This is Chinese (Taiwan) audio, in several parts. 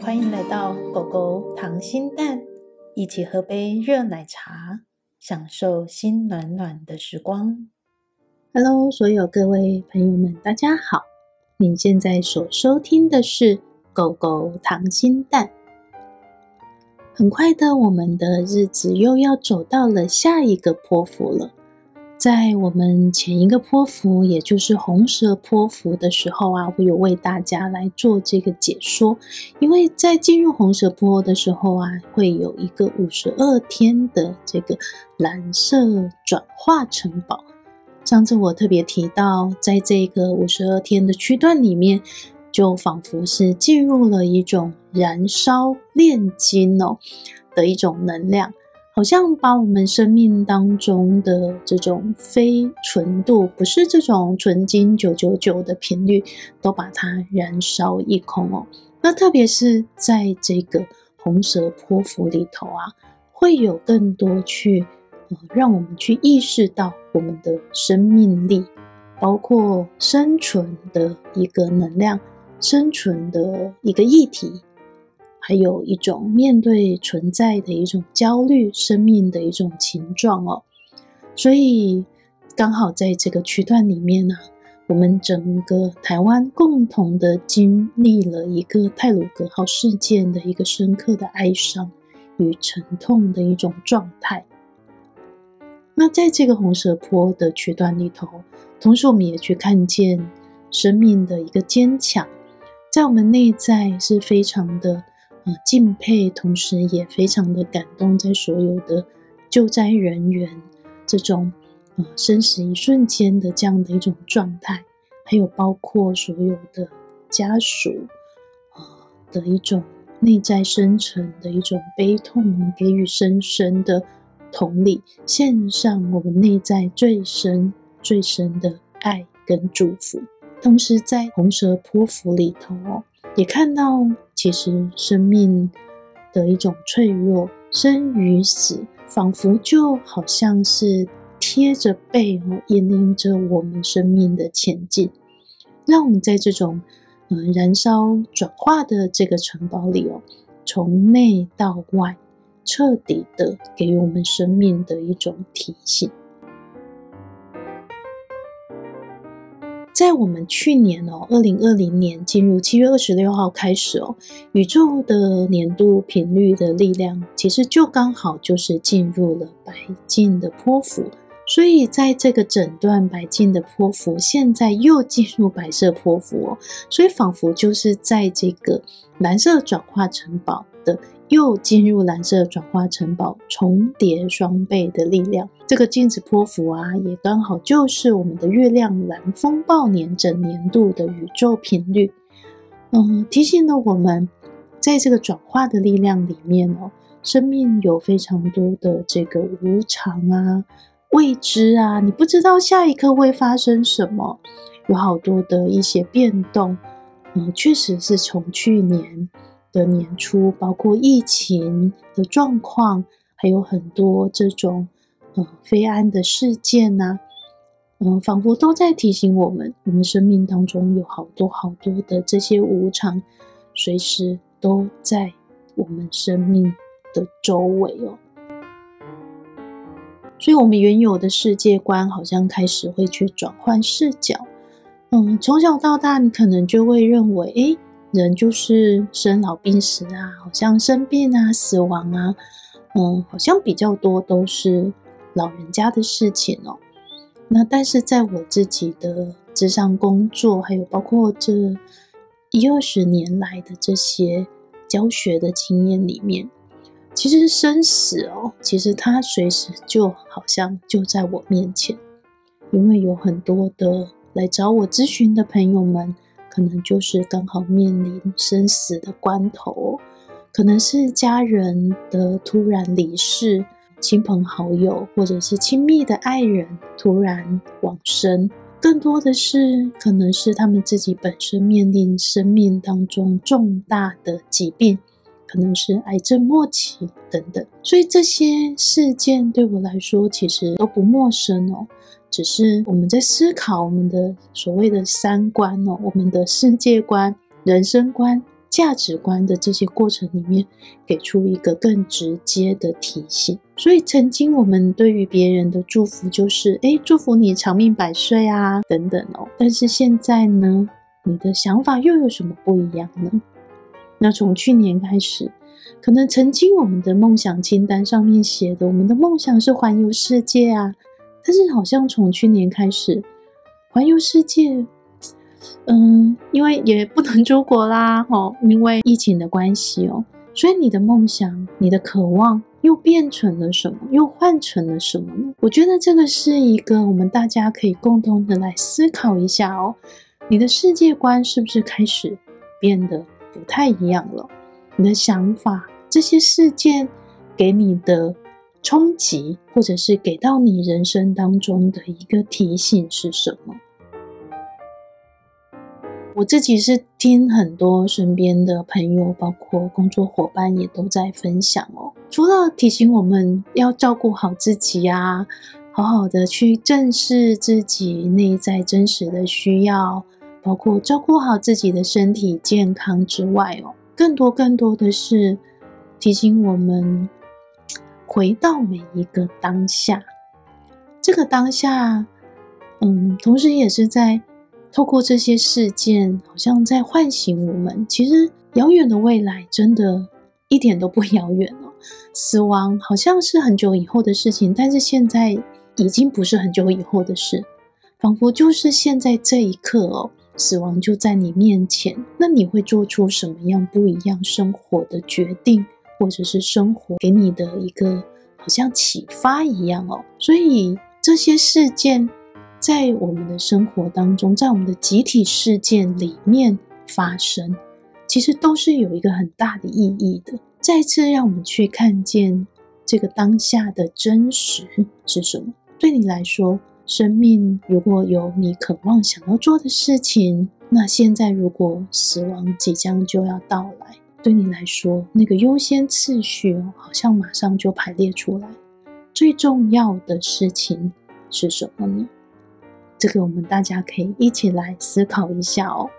歡迎來到狗狗糖心蛋，一起喝杯熱奶茶，享受心暖暖的時光。Hello，所有各位朋友們，大家好！您現在所收聽的是。狗狗溏心蛋。很快的，我們的日子又要走到了下一個波符了。在我們前一個波符，也就是紅蛇波符的時候啊，我有為大家來做這個解說。因為在進入紅蛇波的時候啊，會有一個五十二天的這個藍色轉化城堡。上次我特別提到，在這個五十二天的區段裡面。就仿佛是進入了一種燃燒煉金哦的一種能量，好像把我們生命當中的這種非純度，不是這種純金九九九的頻率，都把它燃燒一空哦。那特別是在這個紅蛇波符裡頭啊，會有更多去呃，讓我們去意識到我們的生命力，包括生存的一個能量。生存的一個議題，還有一種面對存在的一種焦慮，生命的一種情狀哦。所以剛好在這個區段裡面呢、啊，我們整個台灣共同的經歷了一個太魯閣號事件的一個深刻的哀傷與沉痛的一種狀態。那在這個紅蛇波的區段裡頭，同時我們也去看見生命的一個堅強。在我們內在是非常的呃敬佩，同時也非常的感動，在所有的救災人員這種呃生死一瞬間的這樣的一種狀態，還有包括所有的家屬啊、呃、的一種內在深沉的一種悲痛，給予深深的同理，獻上我們內在最深最深的愛跟祝福。同時，在紅蛇波符裡頭，也看到其實生命的一種脆弱，生與死仿佛就好像是貼着背哦，引領着我們生命的前進，讓我們在這種呃燃燒轉化的這個城堡裡哦，從內到外徹底的給予我們生命的一種提醒。在我們去年哦，二零二零年進入七月二十六號開始哦，宇宙的年度頻率的力量其實就剛好就是進入了白鏡的波符，所以在這個整段白鏡的波符，現在又進入白色波符哦，所以仿佛就是在這個藍色轉化城堡的。又進入藍色轉化城堡，重疊雙倍的力量。這個鏡子波符啊，也剛好就是我們的月亮藍風暴年整年度的宇宙頻率。嗯，提醒了我們，在這個轉化的力量裡面哦，生命有非常多的這個無常啊、未知啊，你不知道下一刻會發生什麼，有好多的一些變動。嗯，確實是從去年。的年初，包括疫情的狀況，還有很多這種嗯飛安的事件吶。嗯，仿佛都在提醒我們，我們生命當中有好多好多的這些無常，隨時都在我們生命的周圍哦。所以，我們原有的世界觀好像開始會去轉換視角。嗯，從小到大，你可能就會認為，誒。人就是生老病死啊，好像生病啊、死亡啊，嗯，好像比較多都是老人家的事情哦。那但是在我自己的職場工作，還有包括這一二十年來的這些教學的經驗裡面，其實生死哦，其實它隨時就好像就在我面前，因為有很多的來找我諮詢的朋友們。可能就是剛好面臨生死的關頭，可能是家人的突然離世，親朋好友或者是親密的愛人突然往生。更多的是可能是他們自己本身面臨生命當中重大的疾病，可能是癌症末期等等。所以這些事件對我來說其實都不陌生哦。只是我們在思考我們的所謂的三觀哦，我們的世界觀、人生觀、價值觀的這些過程裡面，給出一個更直接的提醒。所以，曾經我們對於別人的祝福就是，哎，祝福你長命百歲啊，等等哦。但是現在呢，你的想法又有什麼不一樣呢？那從去年開始，可能曾經我們的夢想清單上面寫的，我們的夢想是環遊世界啊。但是好像從去年開始，環遊世界，嗯，因為也不能出國啦，哦，因為疫情的關係哦，所以你的夢想、你的渴望又變成了什麼？又換成了什麼呢？我覺得這個是一個我們大家可以共同的來思考一下哦。你的世界觀是不是開始變得不太一樣了？你的想法，這些事件給你的衝擊，或者是給到你人生當中的一個提醒是什麼？我自己是聽很多身邊的朋友，包括工作夥伴也都在分享哦。除了提醒我們要照顧好自己啊，好好的去正視自己內在真實的需要，包括照顧好自己的身體健康之外哦，更多更多的是提醒我們。回到每一個當下，這個當下，嗯，同時也是在透過這些事件，好像在喚醒我們。其實遙遠的未來真的一點都不遙遠了哦，死亡好像是很久以後的事情，但是現在已經不是很久以後的事，仿佛就是現在這一刻哦，死亡就在你面前。那你會做出什麼樣不一樣生活的決定？或者是生活給你的一個好像啟發一樣哦，所以這些事件在我們的生活當中，在我們的集體事件裡面發生，其實都是有一個很大的意義的。再次讓我們去看見這個當下的真實是什麼。對你來說，生命如果有你渴望想要做的事情，那現在如果死亡即將就要到來。對你來說，那個優先次序哦，好像馬上就排列出來。最重要的事情是什麼呢？這個我們大家可以一起來思考一下哦。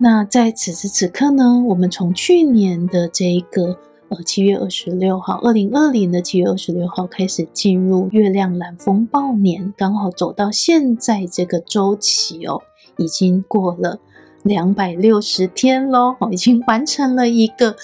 那在此時此刻呢，我們從去年的這一個呃哦七月二十六號，二零二零的七月二十六號開始進入月亮藍風暴年，剛好走到現在這個週期哦，已經過了。兩百六十天嘍，已經完成了一個，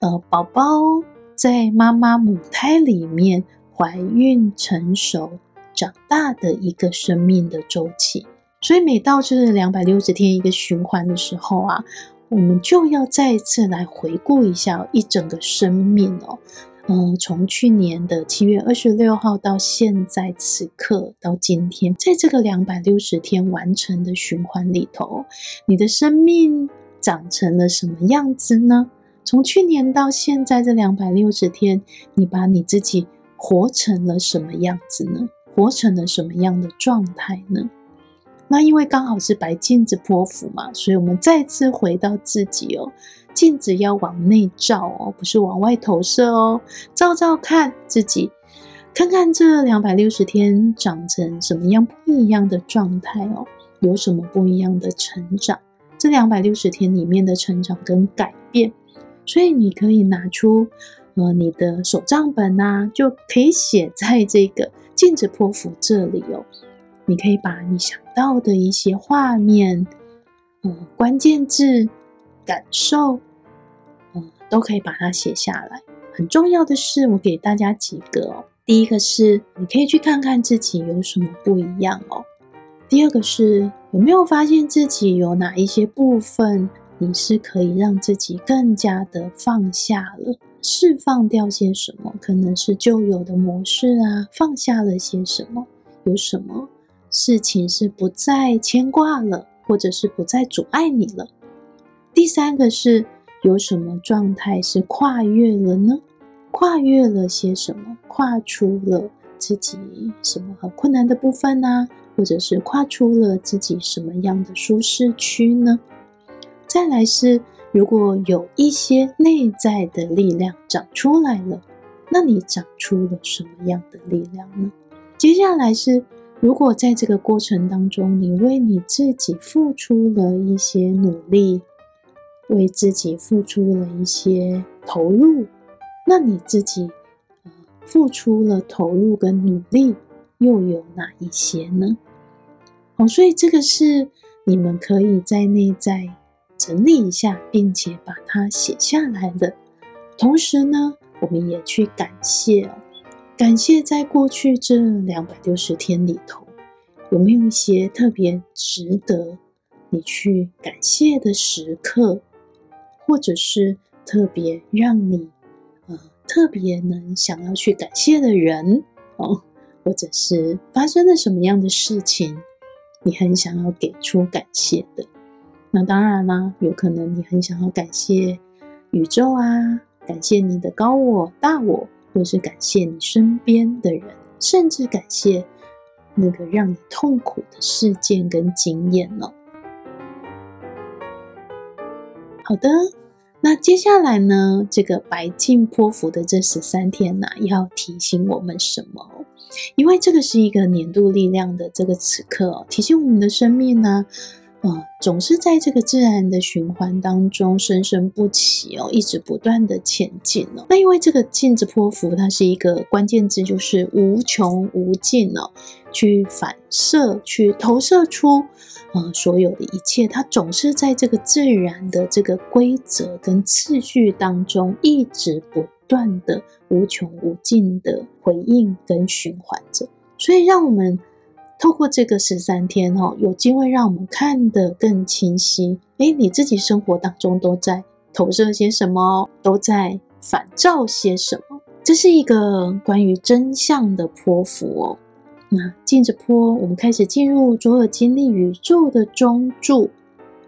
呃，寶寶在媽媽母胎裡面懷孕、成熟、長大的一個生命的周期。所以每到這兩百六十天一個循環的時候啊，我們就要再一次來回顧一下一整個生命哦。嗯，從去年的七月二十六號到現在此刻到今天，在這個兩百六十天完成的循環裡頭，你的生命長成了什麼樣子呢？從去年到現在這兩百六十天，你把你自己活成了什麼樣子呢？活成了什麼樣的狀態呢？那因為剛好是白鏡子波符嘛，所以我們再次回到自己哦。鏡子要往內照哦，不是往外投射哦，照照看自己，看看這兩百六十天長成什麼樣不一樣的狀態哦，有什麼不一樣的成長？這兩百六十天裡面的成長跟改變，所以你可以拿出呃你的手賬本吶、啊，就可以寫在這個鏡子波符這裡哦，你可以把你想到的一些畫面，嗯、呃，關鍵字。感受，嗯，都可以把它寫下來。很重要的是，我給大家幾個哦：第一個是，你可以去看看自己有什麼不一樣哦；第二個是，有沒有發現自己有哪一些部分你是可以讓自己更加的放下了，釋放掉些什麼？可能是舊有的模式啊，放下了些什麼？有什麼事情是不再牽掛了，或者是不再阻礙你了？第三個是有什麼狀態是跨越了呢？跨越了些什麼？跨出了自己什麼很困難的部分呢、啊？或者是跨出了自己什麼樣的舒適區呢？再來是，如果有一些內在的力量長出來了，那你長出了什麼樣的力量呢？接下來是，如果在這個過程當中，你為你自己付出了一些努力。為自己付出了一些投入，那你自己，呃付出了投入跟努力，又有哪一些呢？哦，所以這個是你們可以在內在整理一下，並且把它寫下來的。同時呢，我們也去感謝哦，感謝在過去這兩百六十天裡頭，有沒有一些特別值得你去感謝的時刻？或者是特別讓你、呃、特別能想要去感謝的人哦，或者是發生了什麼樣的事情，你很想要給出感謝的。那當然啦、啊，有可能你很想要感謝宇宙啊，感謝你的高我、大我，或是感謝你身邊的人，甚至感謝那個讓你痛苦的事件跟經驗呢、哦。好的，那接下來呢，這個白鏡波符的這十三天呢、啊，要提醒我們什麼？因為這個是一個年度力量的這個此刻、哦，提醒我們的生命呢、啊。啊、嗯，總是在這個自然的循環當中生生不息哦，一直不斷的前進哦。那因為這個鏡子波符，它是一個關鍵字，就是無窮無盡哦，去反射、去投射出，呃、嗯，所有的一切。它總是在這個自然的這個規則跟次序當中，一直不斷的無窮無盡的回應跟循環着。所以讓我們，透過這個十三天哦，有機會讓我們看得更清晰，誒，你自己生活當中都在投射些什麼？都在反照些什麼？這是一個關於真相的波符哦。那鏡子波，我們開始進入卓爾金曆宇宙的中柱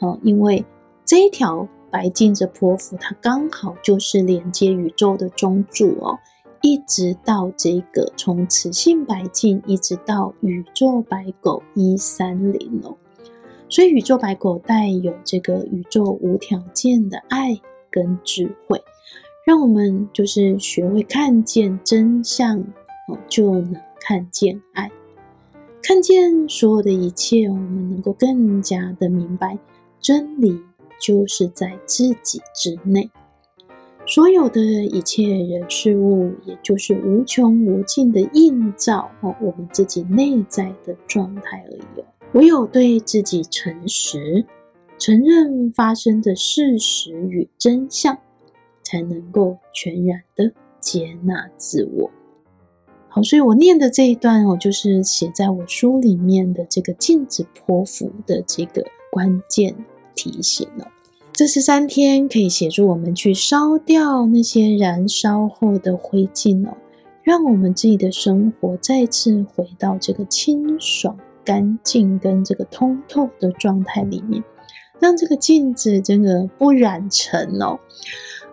哦，因為這一條白鏡子波符，它剛好就是連接宇宙的中柱哦。一直到這個，從磁性白鏡，一直到宇宙白狗一三零哦，所以宇宙白狗帶有這個宇宙無條件的愛跟智慧，讓我們就是學會看見真相哦，就能看見愛，看見所有的一切，我們能夠更加的明白，真理就是在自己之內。所有的一切人事物，也就是無窮無盡的映照哦，我們自己內在的狀態而已。唯有對自己誠實，承認發生的事實與真相，才能夠全然的接納自我。好，所以我念的這一段，哦，就是寫在我書裡面的這個鏡子波符的這個關鍵提醒哦。這十三天可以協助我們去燒掉那些燃燒後的灰燼哦，讓我們自己的生活再次回到這個清爽、乾淨跟這個通透的狀態裡面，讓這個鏡子真的不染塵哦。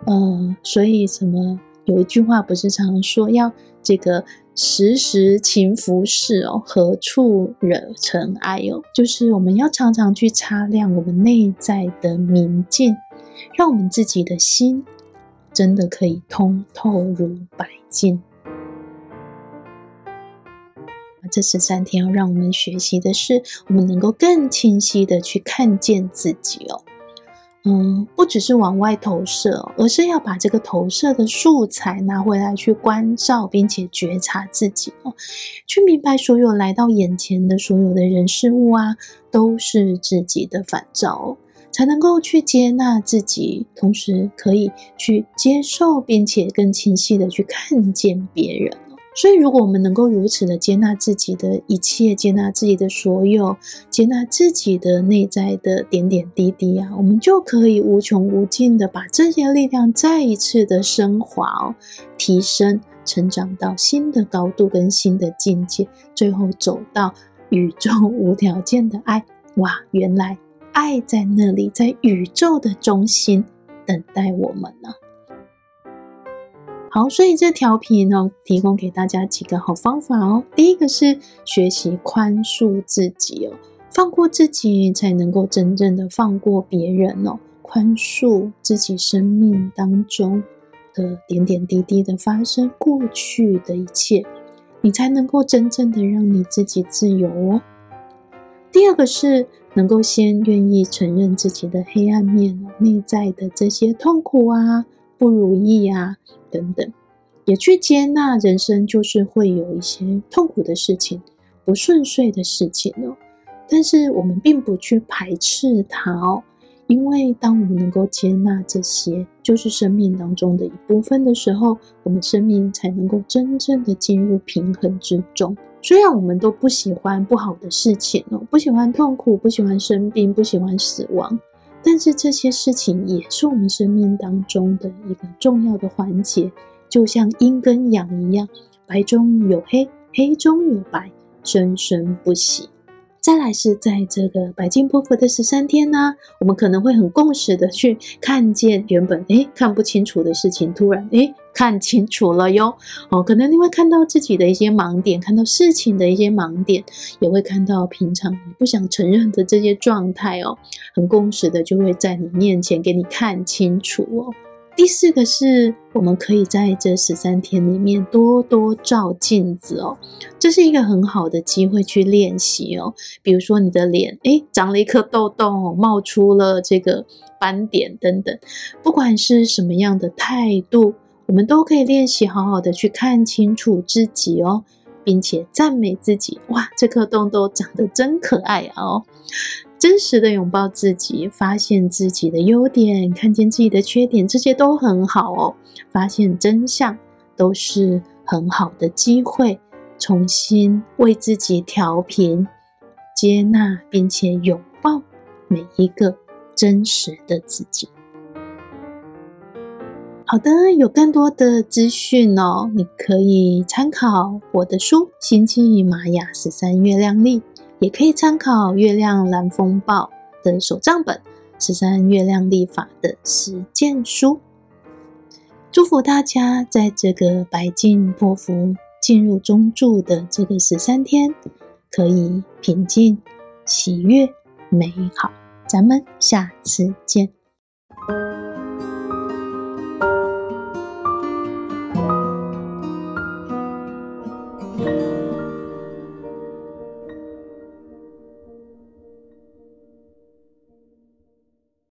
嗯，所以什麼？有一句話不是常常說，要這個時時勤拂拭哦，何處惹塵埃哦？就是我們要常常去擦亮我們內在的明鏡，讓我們自己的心真的可以通透如白鏡。這十三天要讓我們學習的是，我們能夠更清晰的去看見自己哦。嗯，不只是往外投射，而是要把這個投射的素材拿回來去觀照，並且覺察自己哦，去明白所有來到眼前的所有的人事物啊，都是自己的反照，才能夠去接納自己，同時可以去接受，並且更清晰的去看見別人。所以，如果我們能夠如此的接納自己的一切，接納自己的所有，接納自己的內在的點點滴滴啊，我們就可以無窮無盡的把這些力量再一次的升華、哦、提升、成長到新的高度跟新的境界，最後走到宇宙無條件的愛。哇，原來愛在那裡，在宇宙的中心等待我們呢、啊。好，所以這調頻哦，提供給大家幾個好方法哦。第一個是學習寬恕自己哦，放過自己才能夠真正的放過別人哦。寬恕自己生命當中的點點滴滴的發生、過去的一切，你才能夠真正的讓你自己自由哦。第二個是能夠先願意承認自己的黑暗面、內在的這些痛苦啊、不如意啊。等等，也去接納人生就是會有一些痛苦的事情、不順遂的事情哦。但是我們並不去排斥它哦，因為當我們能夠接納這些，就是生命當中的一部分的時候，我們生命才能夠真正的進入平衡之中。雖然我們都不喜歡不好的事情哦，不喜歡痛苦，不喜歡生病，不喜歡死亡。但是這些事情也是我們生命當中的一個重要的環節，就像陰跟陽一樣，白中有黑，黑中有白，生生不息。再來是在這個白鏡波符的十三天呢、啊，我們可能會很共時的去看見原本哎看不清楚的事情，突然哎。誒看清楚了喲，哦，可能你會看到自己的一些盲點，看到事情的一些盲點，也會看到平常你不想承認的這些狀態哦，很共時地就會在你面前給你看清楚哦。第四個是我們可以在這十三天裡面多多照鏡子哦，這是一個很好的機會去練習哦。比如說你的臉，誒，長了一顆痘痘，冒出了這個斑點等等，不管是什麼樣的態度。我們都可以練習好好的去看清楚自己哦，並且讚美自己。哇，這顆痘痘長得真可愛、啊、哦！真實的擁抱自己，發現自己的優點，看見自己的缺點，這些都很好哦。發現真相都是很好的機會，重新為自己調頻，接納並且擁抱每一個真實的自己。好的，有更多的資訊哦，你可以參考我的書《星際馬雅十三月亮曆》，也可以參考《月亮藍風暴》的手賬本《十三月亮曆法》的實踐書。祝福大家在這個白鏡波符進入中柱的這個十三天，可以平靜、喜悅、美好。咱們下次見。